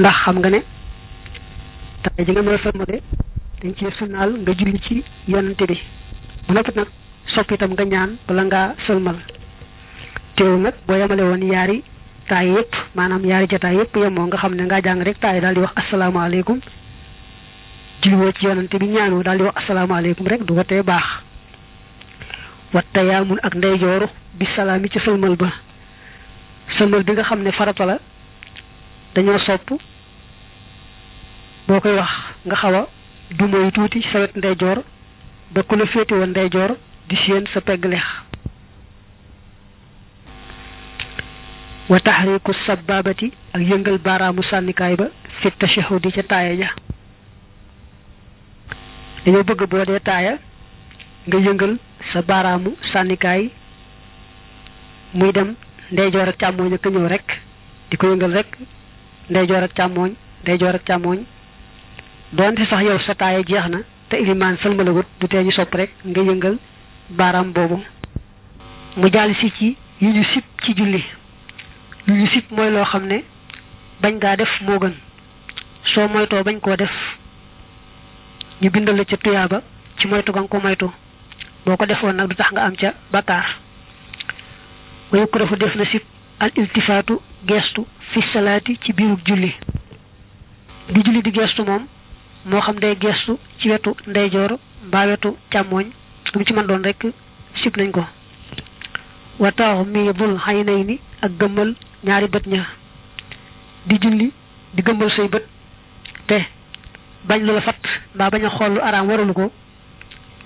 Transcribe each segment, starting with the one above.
ndax xam nga ne tay ji nga mën sëlmale dañ ci sunnaal nga julli ci yonante bi bu noppi nag sopp itam nga ñaan bala ngaa sëlmal teewul nag boo yemale woon yaari taay yëpp maanaam yaari jataay yëpp yemoo nga xam ne ngaa jàng rek taay daal di wax asalaamaaleykum julliwoo ci yonante bi ñaanoo daal di wax asalaamaaleykum rek du ko tee baax watta yaamun ak ndeyjooru bi salaami ci sëlmal ba sëlmal bi nga xam ne farata la dañoo sopp boo koy wax nga xaw a du mooy tuuti sa wet ndeyjoor ba ku la féete woon ndeyjoor di séen sa pegg lex wa taxriku sababati ak yëngal baaraamu sànnikaay ba fi tashahudi ca taaya ja dañoo bëgg boo dee taaya nga yëngal sa baaraamu sànnikaay muy dem ndeyjoor ak càmmooñ ak ñëw rek di ko yëngal rek ndeyjoor ak càmmooñ ndeyjoor ak càmmooñ doonte sax yow sa taaya jeex na te ilimaan sëlmalagut du tee ñu sopp rek nga yëngal baaraam boobu mu jàll si ci ñu sib ci julli yu ñu sib mooy loo xam ne bañ gaa def moo gën soo moytoo bañ koo def ñu bindal la ca tuyaaba ci moytu ga nga ko moytu boo ko defoon nag du tax nga am ca bakkaar wayu ko dafa def na sib al iltifaatu geestu fi ci biirug julli di julli di geestu moom moo xam day gestu ci wetu ndeyjoor mbaa wetu càmmooñ lu mu ci man doon rek sib nañ ko wa taxmiidul aynayni ak gëmmal ñaari bët ña di julli di gëmmal say bët te bañ lu la fat mbaa bañ a xool lu araam waralu ko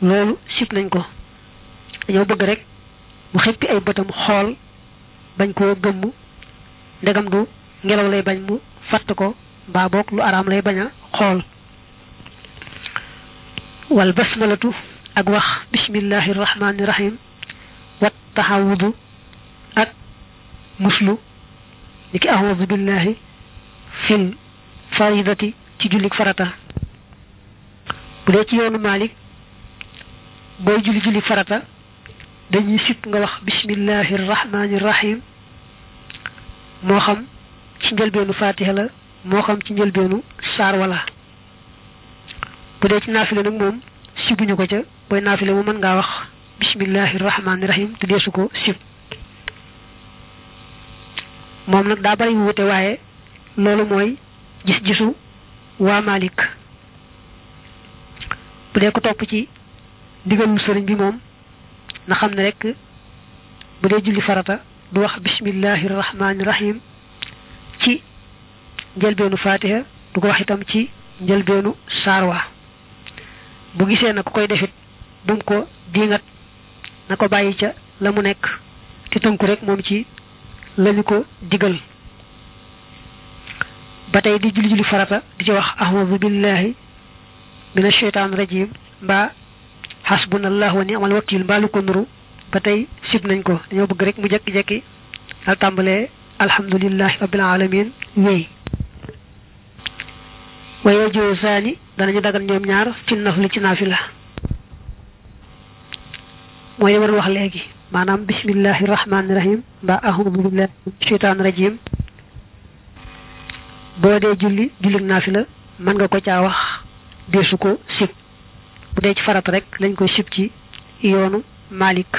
loolu sib nañ ko dañoo bëgg rek mu xippi ay bëtam xool bañ koo gëmm ndegam du ngelaw lay bañ mu fatt ko mbaa boog lu araam lay bañ a xool wal basmalatu ak wax bismillahi rahmaani rahim wat taxawudu ak muslu ni ki ahwadu billahi fil faridati ci jullik farata bu dee ci yoonu Maalik booy julli julli farata dañuy sit nga wax bismillahi rahmaani rahim moo xam ci njëlbeenu fatiha la moo xam ci njëlbeenu saar wala bu dee ci naafile nag moom sibuñu ko ca booy naafile mu mën ngaa wax bismillahi rahmaani rahim te deesu ko sib moom nag daa bari wute waaye loolu mooy gis-gisu waa Malik bu dee ko topp ci digalul sëriñ bi moom na xam ne rek bu dee julli farata du wax bismillahi ci njëlbeenu fatiha du ko wax itam ci njëlbeenu saarwa bu gisee na ku koy defit bu mu ko diingat na ko bàyyi ca la mu nekk te tënku rek moom ci lañu ko digal ba tey di julli julli farata di ci wax ahmadu billahi min asheytaan rajim mbaa xasbunallahu wa ni'mal wakil mbaa lu ko nuru ba tey sib nañ ko dañoo bëgg rek mu jekki-jekki dal tàmbalee alhamdulillahi rabbil alamin wéy wa yajuusaani danañu daga ñoom ñaar fi nafli ci naafila mooy li wax léegi maanaam bismillahi rahmaani rahim mbaa ahudu billahi sheytaan rajim boo dee julli jullig naafila mën nga ko caa wax deesu ko sib bu dee ci farat rek lañ ko sib ci yoonu Malik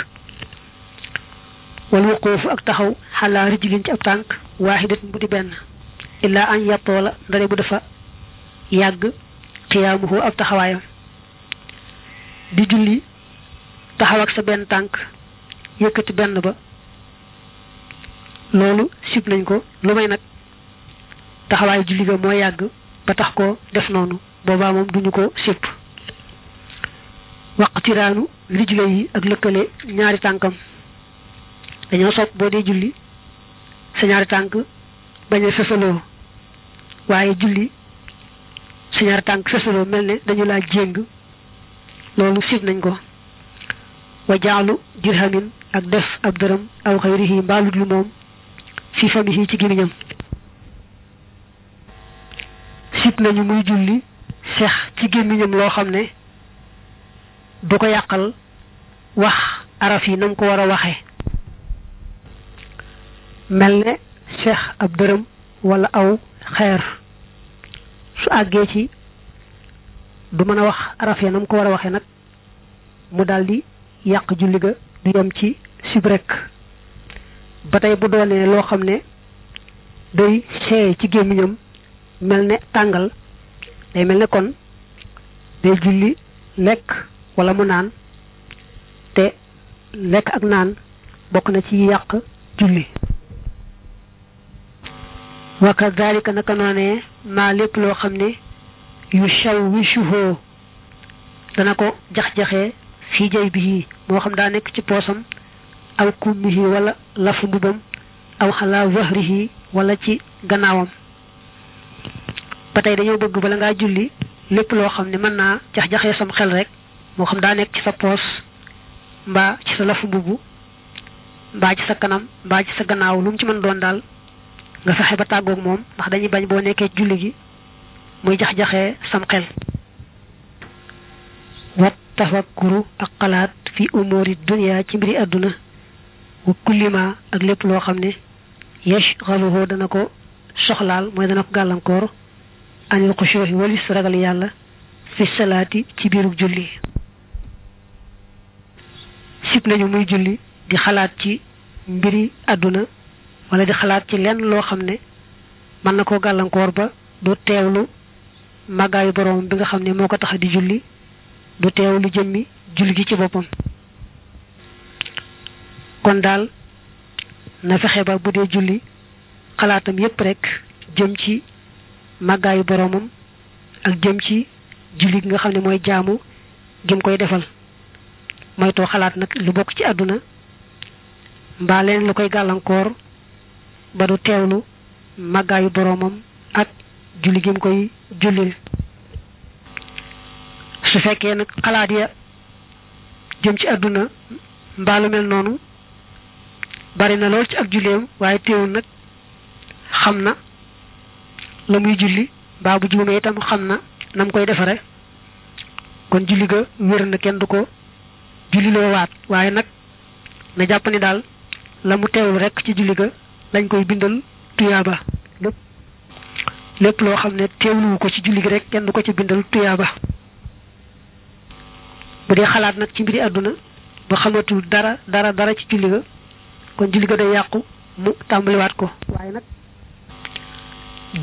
wal wuquuf ak taxaw xalaa rijlin ci ab tànk waaxidat bu di benn illaa an yàppoo la ndare bu dafa yàgg qiyaamuhu ab taxawaayam di julli taxaw ak sa benn tànk yëkkati benn ba loolu sib nañ ko lu may nag taxawaay julli ga moo yàgg ba tax ko def noonu boobaa moom duñu ko sib waqtiraanu rijle yi ak lëkkale ñaari tànkam dañoo sopp boo dee julli sa ñaari tànk bañ a waaye julli sa ñaar tànk sësaloo mel ne dañu laa jéng loolu siib nañ ko wa jaalu dirhamin ak def ab dërëm aw xayrihi mbaalut lu moom fi famihi ci gémmiñam siib nañu muy julli seex ci gémmiñam loo xam ne du ko yàqal wax araf yi nam ko war a waxe mel ne seex ab dërëm walla aw xeer su àggee ci du mën a wax rafet na mu ko war a waxee nag mu daldi yàq julli ga du yem ci sib rek ba tey bu doonee loo xam ne day xee ci gémmiñam mel ne tàngal day mel ne kon day julli lekk wala mu naan te lekk ak naan bokk na ci yàq julli maa lépp loo xam ne yu shawwishuhu dana ko jax jaxe fii jay bi moo xam daa nekk ci poosam aw kummihi wala lafu mbubam aw xalaa zahrihi wala ci gannaawam ba tey dañoo bëgg bala ngaa julli lépp loo xam ne mën naa jax-jaxee sam xel rek moo xam daa nekk ci sa poos mbaa ci sa lafu mbubu mbaa ci sa kanam mbaa ci sa gannaaw lu mu ci mën doon daal nga fexe ba tàggoog moom ndax dañuy bañ boo nekkee julli gi muy jax jaxe sam xel wa tafakkuru ak xalaat fi umuri dunia ci mbir àdduna wa kullima ak lépp loo xam ne yashghaluhu dana ko soxlaal mooy dana ko gàllankoor anil xushuuxi walis ragal yàlla fi salaati ci biirug julli sib nañu muy julli di xalaat ci mbiri àdduna wala di xalaat ci lenn loo xam ne mën na koo gàllankoor ba du teewlu màggaayu boroom bi nga xam ne moo ko tax di julli du teewlu jëmmi julli gi ci boppam kon daal na fexe ba bu dee julli xalaatam yépp rek jëm ci màggaayu boroomam ak jëm ci julli gi nga xam ne mooy jaamu gi mu koy defal moytoo xalaat nag lu bokk ci àdduna mbaa leen lu koy gàllankoor ba du teewlu màggaayu boroomam ak julli gi mu koy jullil su fekkee nag xalaat ya jëm ci àdduna mbaa mel noonu bari na lool ci ak julleem waaye teewul nag xam na la muy julli mbaa bu juumee itam xam na nam koy defare kon julli ga wér na kenn du ko julli waaye nag na jàpp daal la mu teewul rekk ci julli ga lañ koy bindal tuyaaba lépp lépp loo xam ne teewluwu ko ci julli gi rek kenn du ko ci bindal tuyaaba bu dee xalaat nag ci mbiri àdduna ba xamatul dara dara dara ci julli ga kon julli ga day yàqu mu tàmbaliwaat ko waaye nag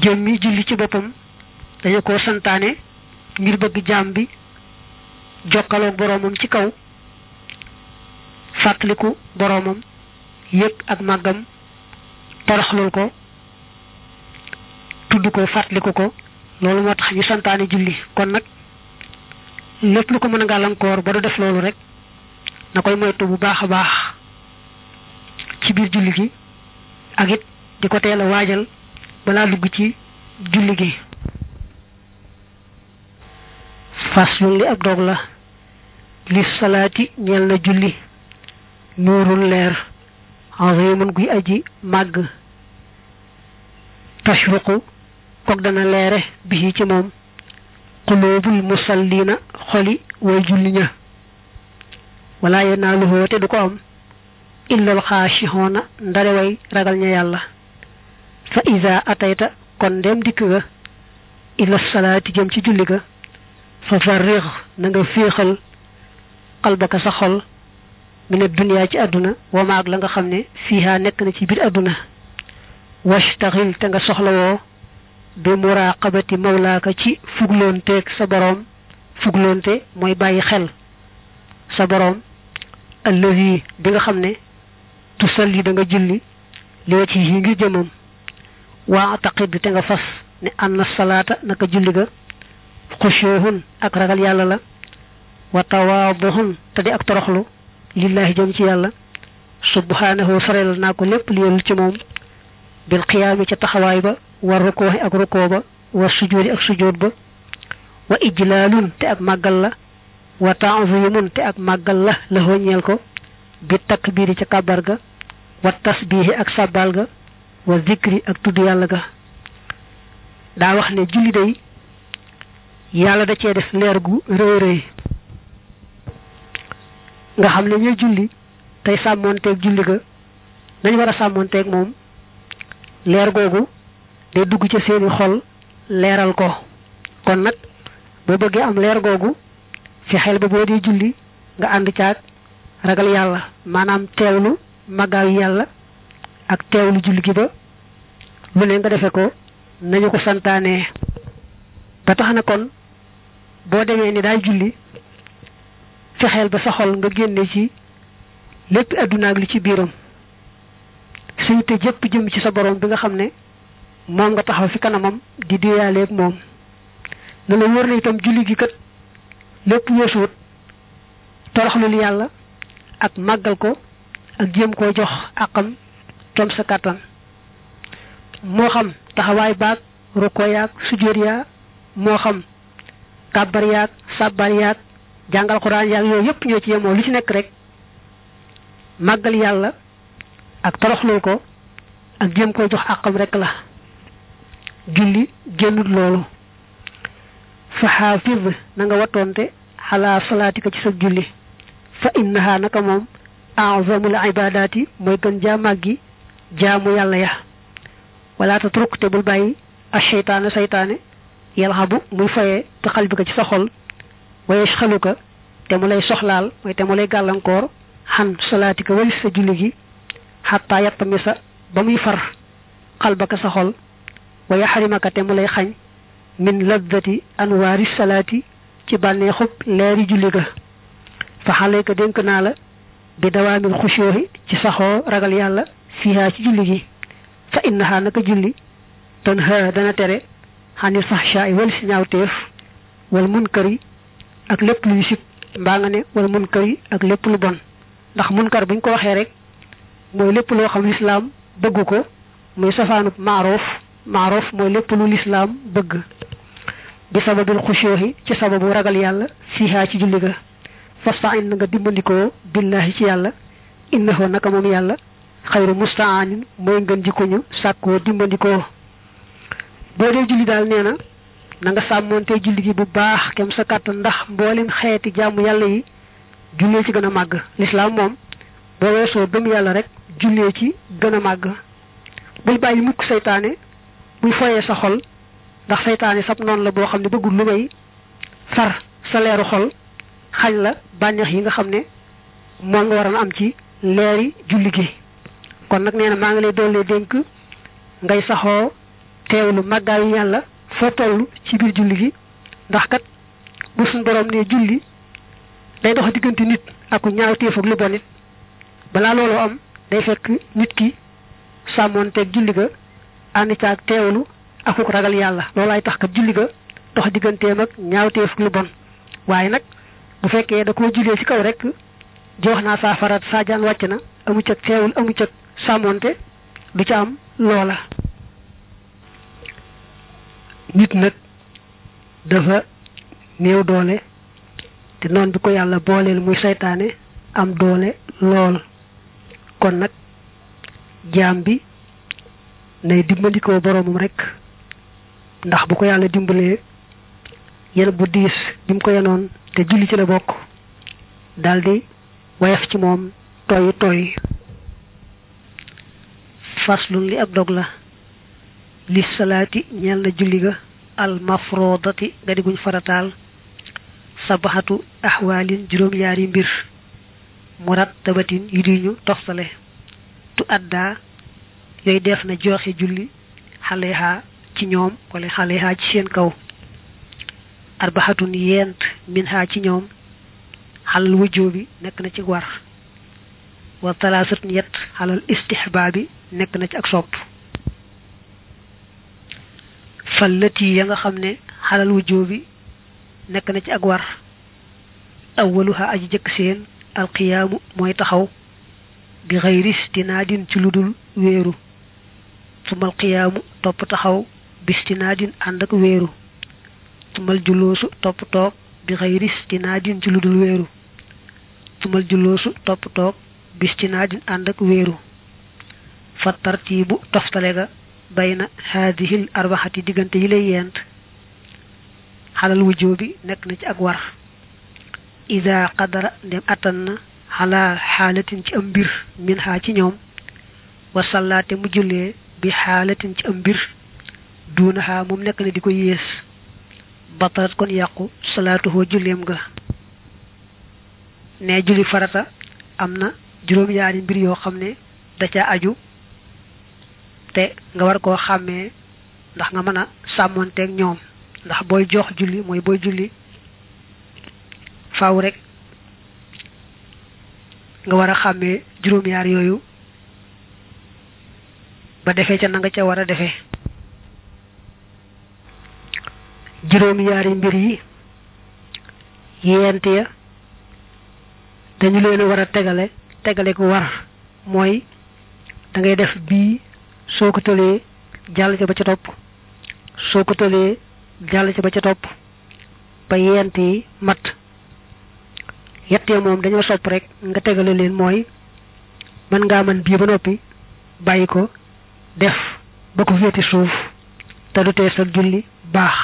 jëmmi julli ci boppam dañu ko santaane ngir bëgg jaam bi jokkaloog boroomam ci kaw fàttaliku boroomam yëg ak màggam toroxlul ko tudd ko fàttaliku ko loolu moo tax ñu santaane julli kon nag lépp lu ko mën a gàllankoor ba du def loolu rek na koy moytu bu baax a baax ci biir julli gi ak it di ko teel a waajal balaa dugg ci julli gi faslun li ab dog la li salaati ñeel na julli nuurul leer azimun guy aji màgg tashruqu kook dana leere bi ci moom quluubul musallina xoli way julli ña wala yanaaluhu te du ko am illal xaashihoona ndare way ragal ña yàlla fa iza atayta kon ndem dikk ga ila salaati ci julli ga fa farrix na nga féexal qalbaka sa xol mine dunya ci àdduna wama la nga xam ne fiiha nekk na ci biir àdduna wastaxil te nga soxlawoo bi muraqabati mawlaaka ci fugloonteeg sa boroom fugloonte mooy bàyyi xel sa boroom allazi bi nga xam ne tusalli da danga julli li wacc yi ngir jëmam waa taqid te nga fas ne anna salaata naka julli ga xushuhun ak ragal yàlla la wa tawaaduhun te di ak toroxlu lillaahi jëm ci yàlla subhaanahu farelal naa ko lépp li yellu ci moom bil xiyaami ca taxawaay ba war rukooxi ak rukoo ba war sujoodi ak sujood ba wa ijlaalun te ak màggal la wa ta'zimun te ak màggal la la hoññeel ko takk biir ca kàbbar ga wa tasbiihi ak sàbbaal ga wa zikri ak tudd yàlla ga daa wax ne julli day yàlla da cee def leer gu rëy rëy nga xam ne ñuy julli tey sàmmoonteeg julli ga nañ war a sàmmoonteeg moom leer googu day dugg ci seeni xol leeral ko kon nag boo bëggee am leer googu fi xel ba boo dee julli nga ànd caag ragal yàlla maanaam teewlu màggaayu yàlla ak teewlu julli gi ba lu ne nga defe ko nañu ko santaane ba tax na kon boo demee ni daay julli fexeel ba sa xol nga génne ci lépp adduna ak li ci biiram sa yitte jëpp jëm ci sa borom bi nga xam ne moom nga taxaw fi kanamam di diyaaleeg moom na la wóor na itam julli gi kat lépp weesuwut toroxlul yàlla ak màggal ko ak jéem koo jox àqam tom sa kàttan moo xam taxawaay baag rukkoo yaag sujjóot yaa moo xam kàbbar yaag jàngal xuraan yaag yooyu yëpp ñoo ci yemoo lu ci nekk rek màggal yàlla ak toroxloo ko ak jéem koy jox àqam rek la julli génnut loolu fa xaafid na nga wattoonte xalaa salaatika ci sa julli fa innaha naka moom azamul ibadaati mooy gën jaa màggi jaamu yàlla ya wala tatruk te bul bàyyi a seytaane seytaane yalxabu muy fayee bi xalbika ci sa xol wa yashxaluka te mu lay soxlaal mooy te mu lay gàllankoor xan salaatika walis sa julli gi xataa yattamisa ba muy far xalbaka sa xol wa yaxrimaka te mu lay xañ min laddati anwaari salaati ci bànnee xub leeri julli ga fa xaleyka dénk naa la bi dawaamil xushoohi ci saxoo ragal yàlla fiihaa ci julli gi fa innahaa naka julli tan ha dana tere xani sax shaay wal si ñaawteef wal munkari ak lépp lu ñu sib mbaa nga ne wala munkar yi ak lépp lu bon ndax munkar buñ ko waxee rek mooy lépp loo xam lislaam bëgg ko muy safaanub maarof maarof mooy lépp lu lislaam bëgg bi sababil xushoohi ci sababu ragal yàlla fiihaa ci julli ga fastain na nga dimbandikoo billaahi ci yàlla innahu naka moom yàlla xayru mustaanin mooy ngën jikko ñu sàkkoo dimbandikoo boo dee julli daal nee na na nga sàmmoonte julli gi bu baax kem sa kàttan ndax mboolem xeeti jàmm yàlla yi jullee ci gën a màgg lislaam moom boo weesoo gëm yàlla rek jullee ci gën a màgg bul bàyyi mukk seytaane buy foyee sa xol ndax seytaane sab noon la boo xam ne bëggul lu may far sa leeru xol xañ la bànneex yi nga xam ne moom nga waroon am ci leeri julli gi kon nag nee maa ngi lay dollee dénk ngay saxoo teewlu màggaayu yàlla fa toll ci biir julli gi ndax kat bu suñ borom ne julli day dox diggante nit ak ñaaw téef lu bon nit balaa loolu am day fekk nit ki sàmmoonteeg julli ga ànd ca ak teewlu ak ku ragal yàlla loolaay tax kat julli ga dox digganteem ak ñaaw téef lu bon waaye nag bu fekkee da koo jullee ci kaw rek jox naa saa farat wàcc na amu cëg teewul amu cëg sàmmoonte du ca am loola nit nag dafa néew doole te noon bi ko yàlla booleel muy seytaane am doole lool kon nag jaam bi nay dimbandikoo boroomam rek ndax bu ko yàlla dimbalee yen bu diis bi ko yenoon te julli ci la bokk daldi wayaf ci moom toyyi toyyi faslun li ab dog la li salaati ñeel na julli ga almafrodati nga di guñ farataal sabaxatu ahwaalin juróom-yaari mbir murattabatin yu di ñu toftale tu adda yooyu def na joxe julli xaleha ci ñoom wala xaleha ci seen kaw arbaxatun yent minha ci ñoom xalal bi nekk na ci war wa talaasatun yet xalal istihbaabi nekk na ci ak sopp yi ya nga xam ne xalal wu bi nekk na ci ak war awwaluha aji jëkk seen alqiyaamu mooy taxaw bi dinaa din ci ludul wéeru sumal qiyaamu topp taxaw bi istinaadin ànd ak wéeru sumal julloosu topp toog bi xayris istinaadin ci ludul wéeru sumal julloosu topp toog bi istinaadin ànd ak wéeru fa tartiibu toftale ga bayna haadihil arbaxati diggante yi lay yent xalal bi nekk na ci ak war ida qadara ndem attan na xalaa xaalatin ci am mbir min xaa ci ñoom wasallaate mu jullee bi xaalatin ci am mbir duuna xaa moom nekk na di ko yées batarat kon yàqu salaatuhoo julleem ga ne julli farata am na juróom yaari mbir yoo xam ne da ca aju te nga war koo xàmmee ndax nga mën a sàmmonteeg ñoom ndax booy jox julli mooy booy julli faw rekk nga war a xàmmee juróom-ñaar yooyu ba defee ca na nga ca war a defee juróom-ñaari mbir yi yeent ya dañu leen a war a tegale tegale ku war mooy dangay ngay def bii soo ko tëlee jàll ca ba ca topp soo ko tëlee jàll ca ba ca topp ba yent yi mat yettee moom dañoo sopp rek nga tegale leen mooy mën ngaa mën bii ba noppi bàyyi ko def ba ko féeti suuf te du tee sa julli baax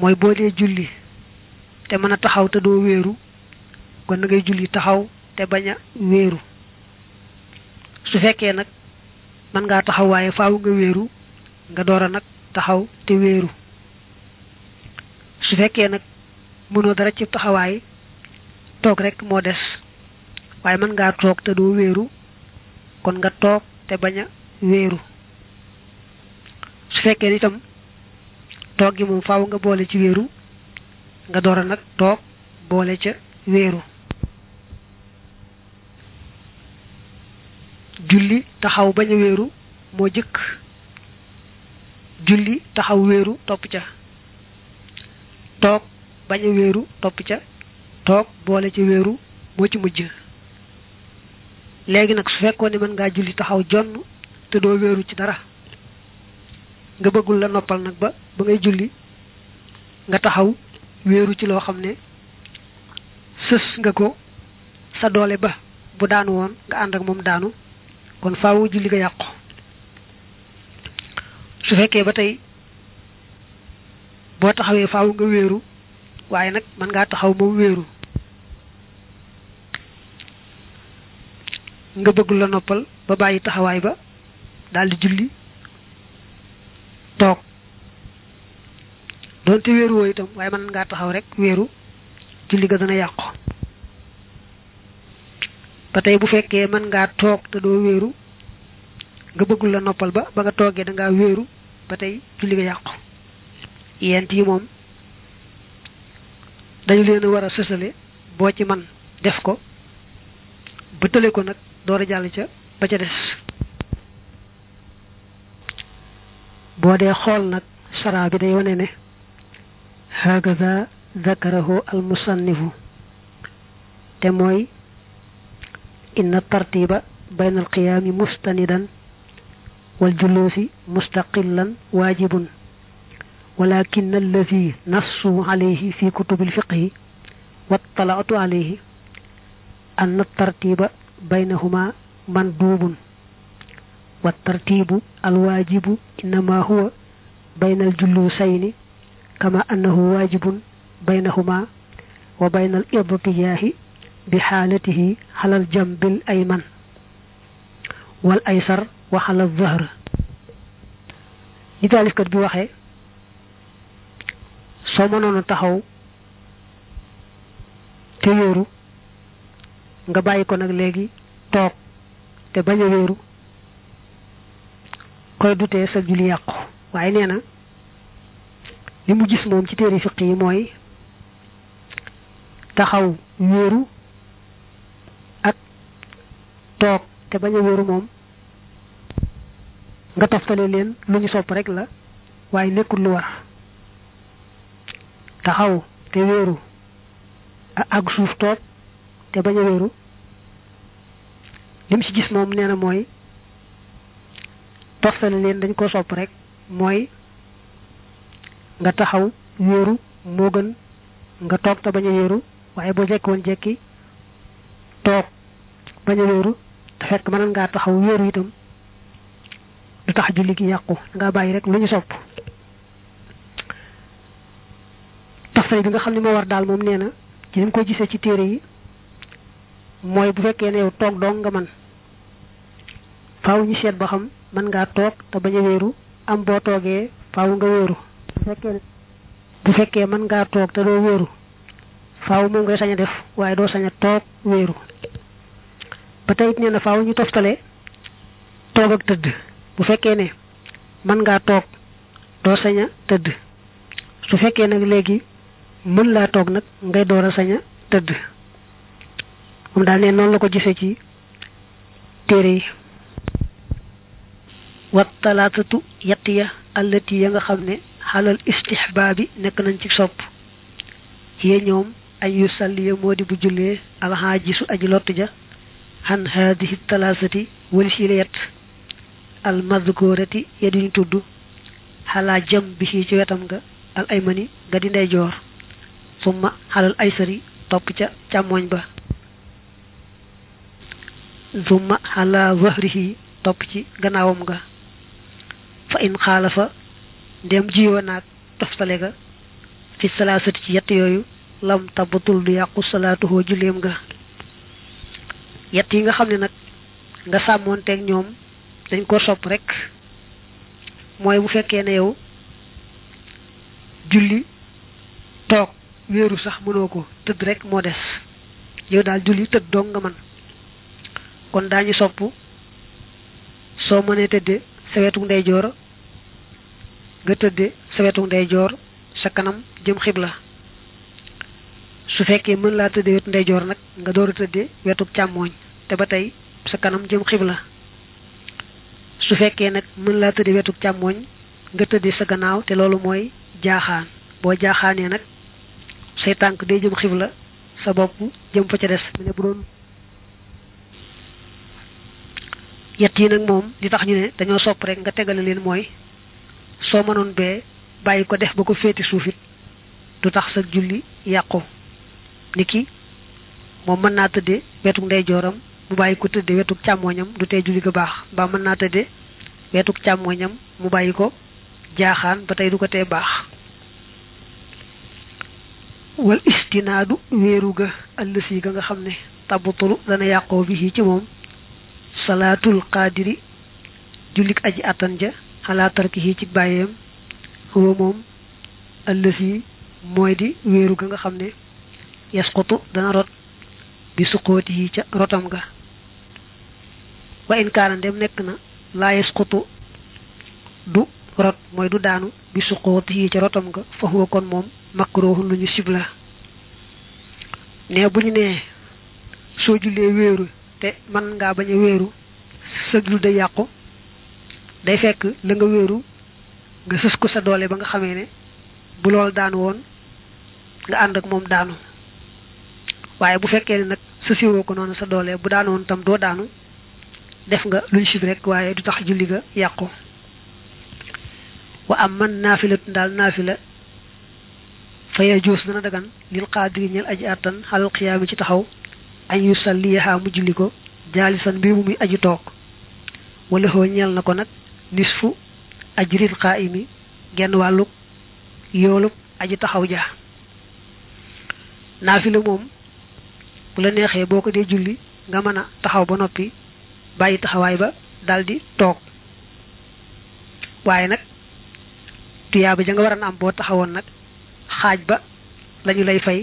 mooy boo dee julli te mën a taxaw te doo wéeru kon na ngay julli taxaw te bañ a wéeru su fekkee nag mën ngaa taxaw waaye faaw nga wéeru nga door a nag taxaw te wéeru su fekkee nag mënoo dara ci taxawaay toog rek moo des waaye mën ngaa toog te doo wéeru kon nga toog te bañ a wéeru su fekkee itam toog gi moom faaw nga boole ci wéeru nga door a nag toog boole ca wéeru julli taxaw bañ a wéeru moo jëkk julli taxaw wéeru topp ca toog bañ a wéeru topp ca toog boole ca wéeru moo ci mujj léegi nag su fekkoon ne mën ngaa julli taxaw jonn te doo wéeru ci dara nga bëggul la noppal nag ba ba ngay julli nga taxaw wéeru ci loo xam ne sës nga ko sa doole ba bu daan woon nga ànd ak moom daanu kon faawu julli ga yàqu su fekkee ba tey boo taxawee faawu nga wéeru waaye nag mën ngaa taxaw moom wéeru nga bëgg la noppal ba bàyyi taxawaay ba daldi julli toog doonte wéeru woo itam waaye mën ngaa taxaw rekk wéeru julli ga dana yàqu ba tey bu fekkee mën ngaa toog te doo wéeru nga bëggul la noppal ba ba nga toogee dangaa ngaa wéeru ba tey julli nga yàqu yent yi moom dañu leen a war a sësale boo ci man def ko ba tële ko nag door a jàll ca ba ca des boo dee xool nag saraa bi day wane ne hagaza zakarahu al musannifu te mooy inna tartiba bayna alqiyaami mustanidan wal juluusi mustaqillan waajibun walakin allazi nassu alayhi fi kutubil fiqhi wattalaatu alayhi anna tartiba baynahuma mandubun wa tartibu alwaajibu innama huwa bayna aljulusayni kama annahu waajibun baynahuma wa bayna al idtiyaahi bi xaalatihi xalal jambil ayman wal aysar wa xalal zahr li taalifkat bi waxee soo mënoon taxaw te yóoru nga bàyyi ko nag léegi toog te bañ a wéeru koy dutee sa julli yàqu waaye nee na li mu gis moom ci téere fiq yi mooy taxaw wéeru toog te bañ a moom nga toftale leen lu ñu rek la waaye nekkul lu war taxaw te wéeru ak suuf te bañ a wéeru lim ci gis moom nee na mooy toftale leen dañ ko sopp rek mooy nga taxaw wéeru moo gën nga toog te bañ a wéeru waaye ba jekki woon jekki toog bañ a wéeru te fekk mënoon ngaa taxaw wéeru itam du tax julli gi yàqu nga bàyyi rek lu ñu sopp tafsir bi nga xam ne moo war daal moom nee na ci dañ ko gisee ci téere yi mooy bu fekkee ne yow toog dong nga man faaw ñu seet ba xam man ngaa toog te bañ a wéeru am boo toogee faaw nga wéeru bu fekkee man ngaa toog te doo wéeru faaw moom ngay sañ def waaye doo sañ a toog wéeru ba tey it nee na faaw ñu toftale toog ak tëdd bu fekkee ne mën ngaa toog doo saña tëdd su fekkee nag léegi mën laa toog nag ngay door a sañ tëdd moom daal ne noonu la ko gisee ci téere yi wa talaatatu yett ya allati ya nga xam ne xalal istihbaabi nekk nañ ci sopp yee ñoom ay yu salli ya moo di bu jullee alxaajisu aji lott ja an haadihi talaasati walis yi la yet al mazkurati ya duñu tudd xalaa jëm bi ci wetam ga al aymani nga di ndeyjoor summa xalal aysari topp ca càmmooñ ba summa xalaa wahrihi topp ci gannaawam ga fa in xaalafa ndem jiyoo naag toftale ga fi salaasati ci yett yooyu lam tabatul lu yàqu salaatuhoo julleem ga yett yi nga xam ne nag nga sàmmoonteeg ñoom dañ koo sopp rek mooy bu fekkee ne yow julli toog wéeru sax mënoo ko tëdd rek moo def yow daal julli tëdd dong nga man kon daa daañu sopp soo mënee tëdde sa wetu ndeyjoor nga tëdde sa wetu ndeyjoor sa kanam jëm xibla su fekkee mën laa tëddee wetu ndeyjoor nag nga door a tëddee wetu càmmooñ te ba tey sa kanam jëm xibla su fekkee nag mën laa tëddee wetu càmmooñ nga tëdde sa gannaaw te loolu mooy jaaxaan boo jaaxaanee nag say tànk day jëm xibla sa bopp jëm fa ca des mu ne bu yett yi nag moom di tax ñu ne dañoo sopp rek nga tegale leen mooy soo mënoon bee bàyyi ko def ba ko féeti suufit du tax sa julli yàqu ki moom mën naa tëdde wetuk ndeyjooram mu bàyyi ko tëdde wetuk càmmooñam du te julli ga baax mbaa mën naa tëdde wetuk càmmooñam mu bàyyi ko jaaxaan ba tey du ko te baax wal istinaadu wéeru ga àllësi ga nga xam ne tabutulu dana yàqoo bi ci moom salaatul qaadiri jullik aji àttan ja xalaa tarkihi ci bàyyeem huwa moom àllësi mooy di wéeru ga nga xam ne yasqutu dana rot bi suqóoti yi ca rotam ga wa in ndem nekk na laa yasqutu du rot mooy du daanu bi suqóoti yi ca rotam ga fa huwa kon moom makruhun lu ñu sibla ne bu ñu nee soo jullee wéeru te man ngaa bañ a wéeru sa julli day yàqu day fekk la nga wéeru nga sës ko sa doole ba nga xamee ne bu loolu daanu woon nga ànd ak moom daanu waaye bu fekkee ne nag sa siwoo ko noonu sa doole bu daanoon tam doo daanu def nga luñ sib rek waaye du tax julli ga yàqu wa am man naafilatu daal naafila faya joos dana dagan lil qaadiri ñel aji àttan xalal xiyaami ci taxaw añ yu salliyaha mu julli ko jaalisan mbir mu muy aji toog wala xoo ñeel na ko nag nisfu ajril qaa'imi genn wàlluk yoolub aji taxaw ja naafila moom bu la neexee boo ko dee julli nga mën a taxaw ba noppi bàyyi taxawaay ba daldi toog waaye nag tuyaaba ja nga war am boo taxawoon nag xaaj ba lañu lay fay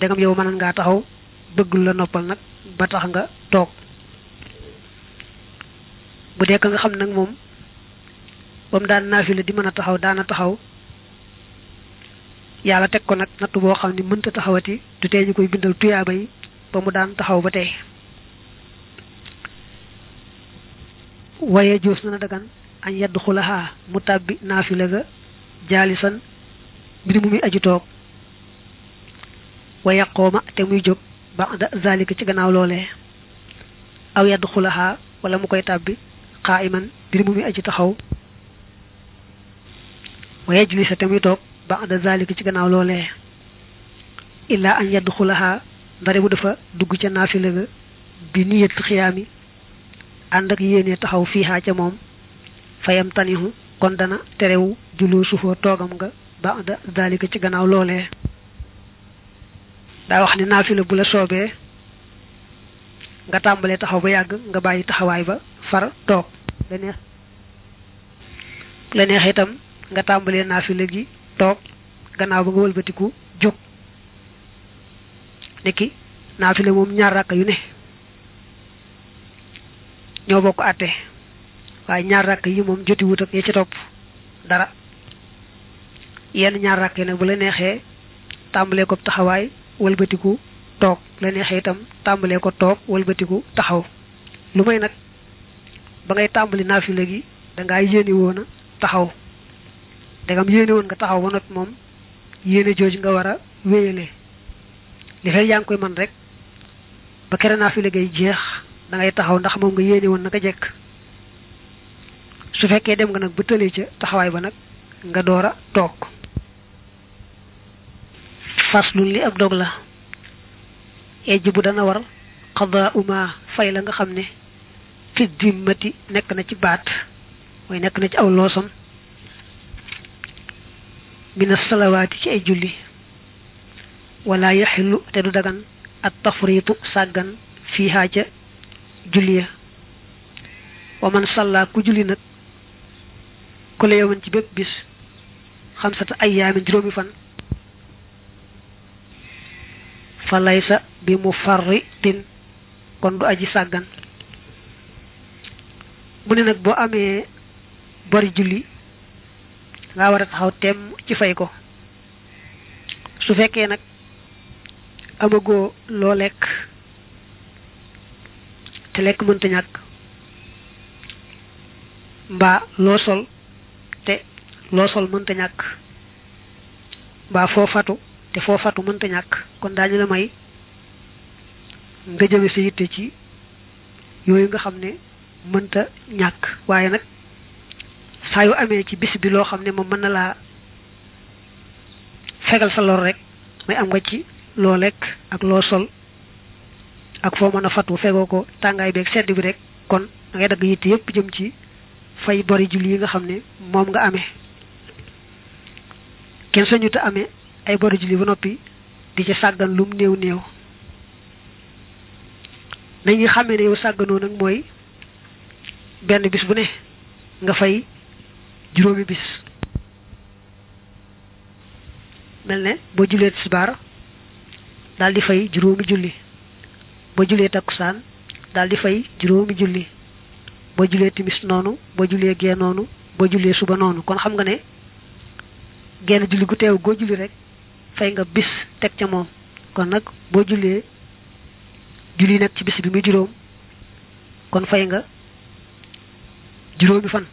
dangam yow mënoon ngaa taxaw bëggul la noppal nag ba tax nga toog bu dee ka nga xam nag moom ba mu daan naafila di mën a taxaw daana taxaw yàlla teg ko nag nattu boo xam ne mënta taxawati du tee ñu koy bindal tuyaaba yi ba mu daan taxaw ba tey waaye juus na dagan añ yaddu xulaxaa mu tàbbi naafila ga jaalisan mbir mu muy aju toog wa yaqooma te muy jóg ba'da zalika ci gannaaw loole aw yaddu xulaxaa wala mu koy tàbbi qaa'iman mbir mu muy aju taxaw waye yajlisa te muy toog ba'da zalika ci gannaaw loole illaa añ yaddu xulaxaa ndare mu dafa dugg ca naafila ga bi niyat xiyaami ànd ak yéene taxaw fiihaa ca moom yam tanihu kon dana terewu jullu suufoo toogam nga ba da daalika ci gannaaw loole daa wax ne naafila bu la soobee nga tàmbalee taxaw ba yàgg nga bàyyi taxawaay ba far toog la neex la neex itam nga tàmbalee naafila gi toog gannaaw ba nga wëlbatiku jóg niki naafile moom ñaar rakk yu ne ñoo bokk àtte waaye ñaar rakk yi moom yi wut ak ñi ci topp dara yenn ñaar rakk yi nag bu la neexee tàmbalee ko taxawaay walbatiku toog la neexee itam tàmbalee ko toog walbatiku taxaw lu may nag ba ngay tàmbali naafile gi dangaa yéene woon a taxaw dagam yéene woon nga taxaw ba moom yéene jooju nga war a wéyale li fekk yaa ngi koy mën rek ba kere naa fi liggéey jeex da taxaw ndax moom nga yéene woon naka jekk su fekkee dem nga nag ba tëlee ca taxawaay ba nag nga door a toog faslun li ab dog la ejj bu dana war xadaa uma fay la nga xam ne fi dimmati nekk na ci baat mooy nekk na ci aw loosam mina salawaati ci ay julli wala yaxillu te du dagan at tafriitu sàggan fiihaa ca julli ya wa man salla ku julli nag ku la yoman ci bépp bis xamsata ayyaamin juróomi fan fa laysa bi mu farri tin kon du aji sàggan mu ne nag boo amee bari julli nga war a taxaw temm ci fay ko su fekkee nag amagoo loo lekk te lekk mënta ñàkk mbaa loo sol te loo sol mënta ñàkk mbaa foo fatu te foo fatu mënta ñàkk kon daañu la may nga jëme sa yitte ci yooyu nga xam ne mënta ñàkk waaye nag saa yu amee ci bis bi loo xam ne moom mën na laa fegal sa lor rek may am nga ci loo lekk ak loo sol ak foo mën a fatu fegoo ko tàngaay bi ak sedd bi rek kon da ngay dagg yitt yépp jëm ci fay bori julli yi nga xam ne moom nga ame kenn sañu te amee ay bori julli ba noppi di ci sàggan lum néew néew nañu xamee ne yow sàgganoo nag mooy benn bis bu ne nga fay juróomi bis mel ne boo jullee tisbaar daal di fay juróomi julli boo julee takkusaan daal di fay juróomi julli boo julee timis noonu boo jullee gee noonu boo julee suba noonu kon xam nga ne genn julli gu teew goo julli rek fay nga bis teg ca moom kon nag boo jullee julli nag ci bis bi muy juróom kon fay nga juróomi fan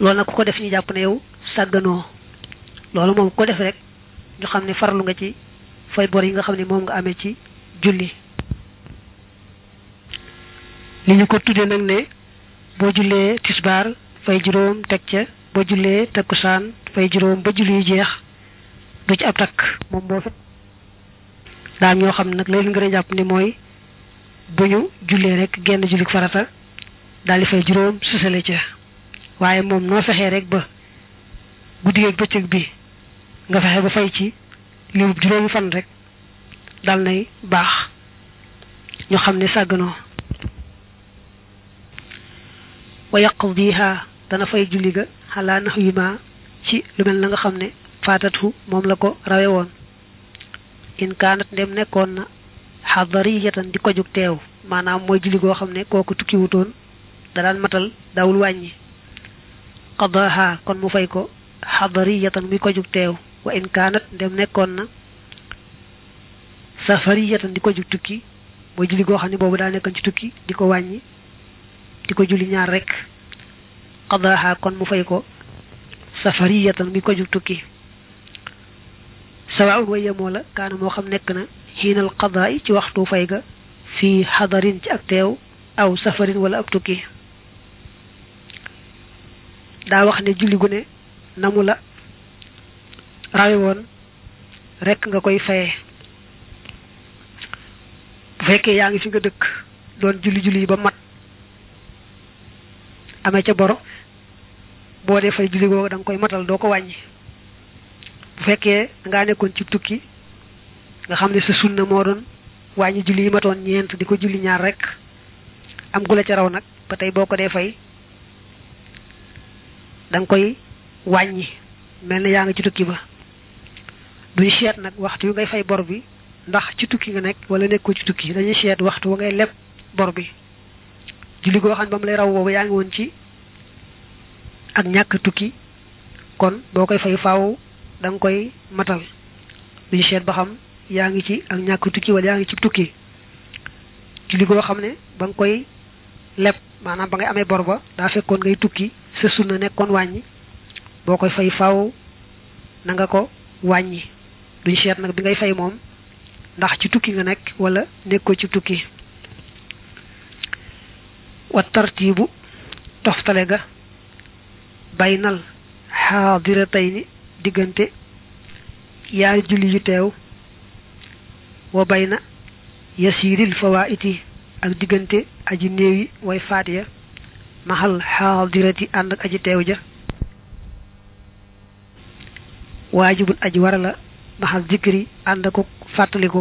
loolu nag ku ko def ñu jàpp ne yow sàgganoo loolu moom ko def rek ñu xam ne farlu nga ci fay bor yi nga xam ne moom nga amee ci julli li ñu ko tuddee nag ne boo jullee tisbaar fay juróom teg ca boo jullee takkusaan fay juróom ba julli yi jeex du ci ab takk moom moo fekk daam ñoo xam ne nag léegi ngën a jàpp ni mooy bu ñu jullee rek genn julli farata daal di fay juróom sësale ca waaye moom noo fexee rek ba guddi ak bëccëg bi nga fexe ba fay ci limub juróomi fan rek dal nay baax ñu xam ne sàgganoo wa yaqdiha dana fay julli ga xalaa nax yi ci lu mel na nga xam ne faatatu moom la ko rawe woon in kaanat dem nekkoon na xadariyatan di ko jug teew maanaam mooy julli goo xam ne kooku tukki wutoon da daan matal dawul wàññi qadaha kon mu fay ko xadariyatan muy ko jug teew wa in kaanat ndem nekkoon na safariyatan di ko jug tukki mooy julli goo xam ne boobu daa nekkoon ci tukki di ko wàññi di ko julli ñaar rek qadaaha kon mu fay ko safariyatan mi ko jug tukki sawaawun wa yemoo la kaana moo xam nekk na xiinal qadaa yi ci waxtu fay ga fii xadarin ci ak teew aw safarin wala ab tukki daa wax ne julli gu namu la rawe woon rekk nga koy faye bu fekkee yaa ngi fi nga dëkk doon julli-julli yi ba mat amee ca boro boo dee fay julli googu da nga koy matal doo ko wàññi bu fekkee dangaa nekkoon ci tukki nga xam ne sa sunna moo doon wàññi julli yi matoon ñeent di ko julli ñaar rek am gula ca raw nag ba tey boo ko dee fay da koy wàññi mel na yaa ngi ci tukki ba duñ seet nag waxtu yu ngay fay bor bi ndax ci tukki nga nekk wala nekkoo ci tukki dañuy seet waxtu wa ngay leb bor bi julli goo xam ne ba lay raw boobu yaa ngi woon ci ak ñàkk tukki kon boo koy fay faaw da nga koy matal duñ seet yaa ngi ci ak ñàkk tukki wala yaa ngi ci tukki julli goo xam ne ba nga koy leb maanaam ba ngay amee bor ba daa fekkoon ngay tukki sa sunna nekkoon wàññi boo koy fay faw na nga ko wàññi duñ seet nag bi ngay fay moom ndax ci tukki nga nekk wala nekkoo ci tukki wa tartibu toftale ga baynal xaadiratayni diggante yaari julli yu teew wa bayna yasiiril fawaiti ak diggante aji néew yi way faat ya maxal xaadirati ànd ak aji teew ja waajibul aji warala baxal zikri ànd akuk fàttaliku